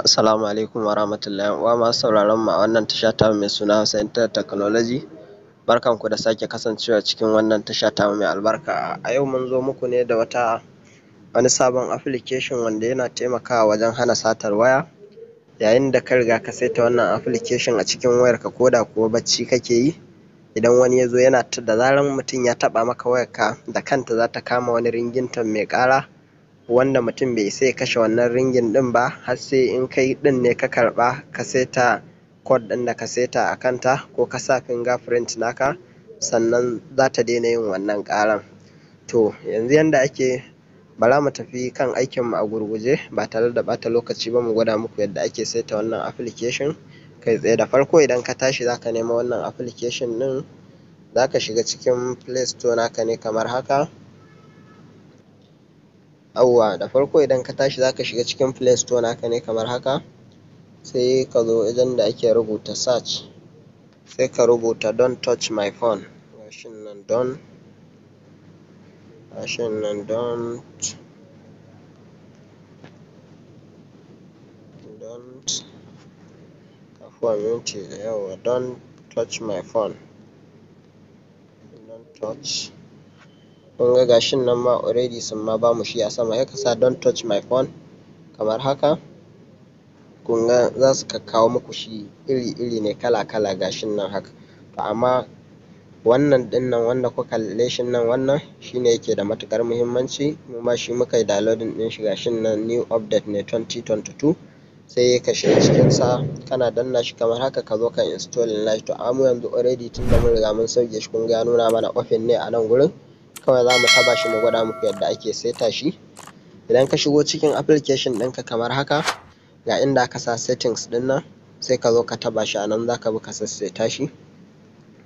Assalamu alaikum wa rahmatullahi wa masu sauraron mu a wannan tasha ta mai suna Hausa Internet Technology. Barkan ku da sake kasancewa cikin wannan tasha ta mai albarka. A yau mun zo muku ne da wata wani sabon application wanda yana taimakawa wajen hana satar waya. Yayin da ka riga ka saita wannan application a cikin wayarka ko da kuwa bacci kake yi, idan wani ya zo yana ta da zarar mutum ya taɓa maka wayarka da kanta za ta kama wani ringinton mai ƙara wanda mutum bai isa ya kashe wannan ringin ɗin ba har sai in kai ɗin ne ka karɓa ka saita code ɗin da ka saita a kanta ko ka sa fingerprint naka sannan za ta daina yin wannan ƙaran. To yanzu yanda ake za mu tafi kan aikinmu a gurguje ba tare da ɓata lokaci ba mu gwada muku yadda ake saita wannan application kai tsaye da farko idan ka tashi za ka nema wannan application ɗin za ka shiga cikin play store naka ne kamar haka yawwa da farko idan ka tashi za ka shiga cikin play store naka ne kamar haka sai ka zo wajen da ake rubuta search sai ka rubuta don't touch my phone nan Hashen don't don't afuwan minti yawwa don't touch my phone don't touch kun ga gashin nan ma already sun ma bamu shi a sama ya kasa don't touch my phone kamar haka kun ga za su kakkawo muku shi iri-iri ne kala-kala gashin nan haka to amma wannan dinnan wanda ku kalle shi nan wannan shine yake da matukar muhimmanci Mu ma shi muka yi downloading din shi gashin nan new update ne 2022 sai ya kashe cikin sa kana danna shi kamar haka ka zo ka install nashi to mu yanzu already tun da mun riga mun sauke shi kun ga nuna mana open ne a nan gurin kawai za mu taba shi mu gwada muku yadda ake saita shi idan ka shigo cikin application ɗinka kamar haka ga inda ka sa settings ɗin nan sai ka zo ka taba shi a nan za ka bi ka sassaita shi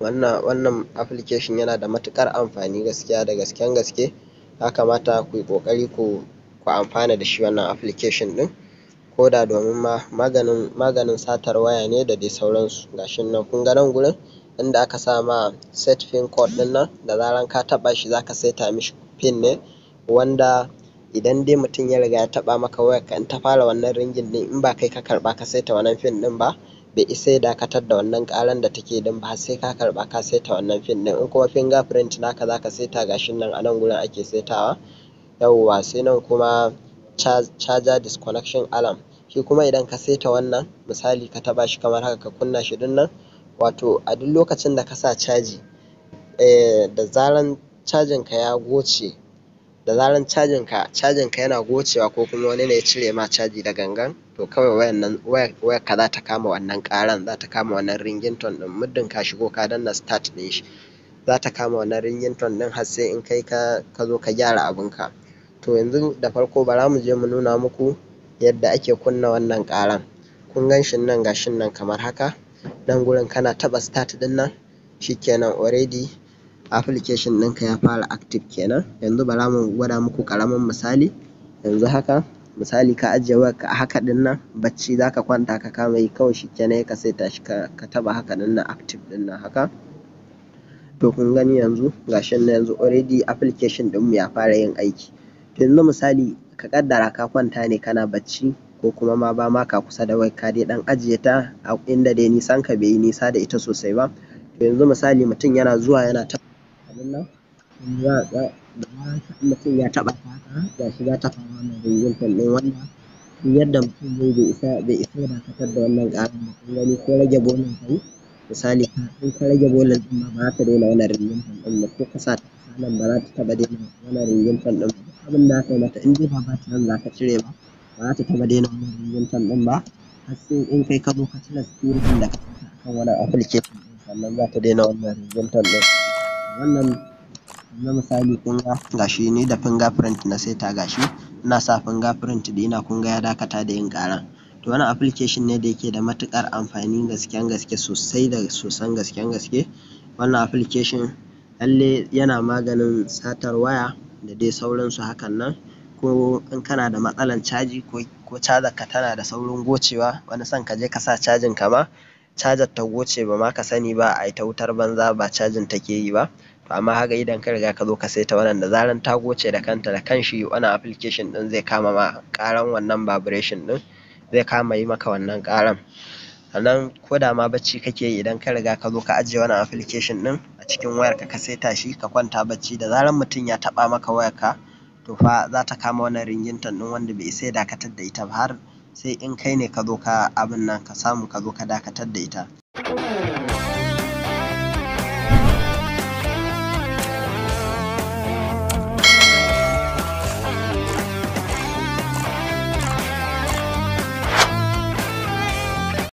wannan wannan application yana da matuƙar amfani gaskiya da gasken gaske ya kamata ku yi ƙoƙari ku amfana da shi wannan application ɗin ko da domin ma maganin satar waya ne da dai sauransu ga shi nan kun ga nan gurin inda aka sa ma set pin code ɗin nan da zaran ka taɓa shi zaka saita mishi pin ne wanda idan dai mutum ya riga ya taɓa maka wayarka in ta fara wannan ringing ɗin in ba kai ka karɓa ka saita wannan pin ɗin ba bai isa ya dakatar da wannan karan da take din ba sai ka karba ka saita wannan fim din in kuma fingerprint naka zaka saita gashin nan a nan gurin ake saitawa yawwa sai nan kuma charger disconnection alarm shi kuma idan ka saita wannan misali ka taba shi kamar haka ka kunna shi din nan wato a duk lokacin da ka sa caji eh, da zaran cajin ka ya goce da zaran cajin ka cajin ka yana gocewa ko kuma wani ne ya cire ma caji da gangan to kawai nan wayar ka za ta kama wannan karan za ta kama wannan ringington din muddin ka shigo ka danna start din shi za ta kama wannan ringington din har sai in kai ka ka zo ka gyara abun ka to yanzu da farko bara mu je mu nuna muku yadda ake kunna wannan karan kun gan shi nan gashin nan kamar haka nan gurin kana taɓa start din nan kenan already application ɗinka ya fara active kenan yanzu bara mu gwada muku ƙaramin misali yanzu haka misali ka ajiye waya a haka ɗinnan bacci za ka kwanta ka kama yi kawai shi sai ka sai tashi ka taɓa haka ɗinnan active nan haka to kun gani yanzu gashin nan yanzu already application mu ya fara yin aiki yanzu misali ka ƙaddara ka kwanta ne kana bacci ko kuma ma ba ma ka kusa da wayar ka dai ɗan ajiye ta a inda dai nisanka bai yi nisa da ita sosai ba to yanzu misali mutum yana zuwa yana mutum ya taɓa ha ga shi za ta kawo wannan resultant ɗin wannan yadda mutum zai bai isa bai isa ya dakatar da wannan ƙarin ba kun gani ko rage bolin kai misali in ka rage bolin ɗin ma ba za ta daina wannan resultant ɗin ba ko ka sa ta nan ba za ta taɓa daina wannan resultant ɗin ba duk abin da aka yi mata in dai ba ba nan za ka cire ba ba za ta taɓa daina wannan resultant ɗin ba har sai in kai ka zo ka cire security da ka saka akan wannan application ɗin sannan za ta daina wannan resultant ɗin wannan na misali kunga gashi ni da fingerprint na seta gashi ina sa fingerprint dina kunga ya dakata da yin ƙaran to wani application ne da yake da matukar amfani gasken gaske sosai da sosan gasken gaske wannan application lalle yana maganin satar waya da dai sauransu hakan nan ko in kana da matsalan caji ko ko ka tana da saurin gocewa wani san kaje sa cajin ka ma cajar ta goce ba ma ka sani ba ai ta wutar banza ba cajin take yi ba to amma haka idan ka riga ka zo ka saita wannan da zaran ta goce da kanta da kan shi wannan application din zai kama ma karan wannan vibration din zai kama yi maka wannan karan sannan ko da ma bacci kake yi idan ka riga ka zo ka ajiye wannan application din a cikin wayar ka saita shi ka kwanta bacci da zaran mutum ya taba maka wayarka to fa za ta kama wannan ringintan din wanda bai sai dakatar da ita ba har sai in kai ne ka zo ka abin nan ka samu ka zo ka dakatar da ita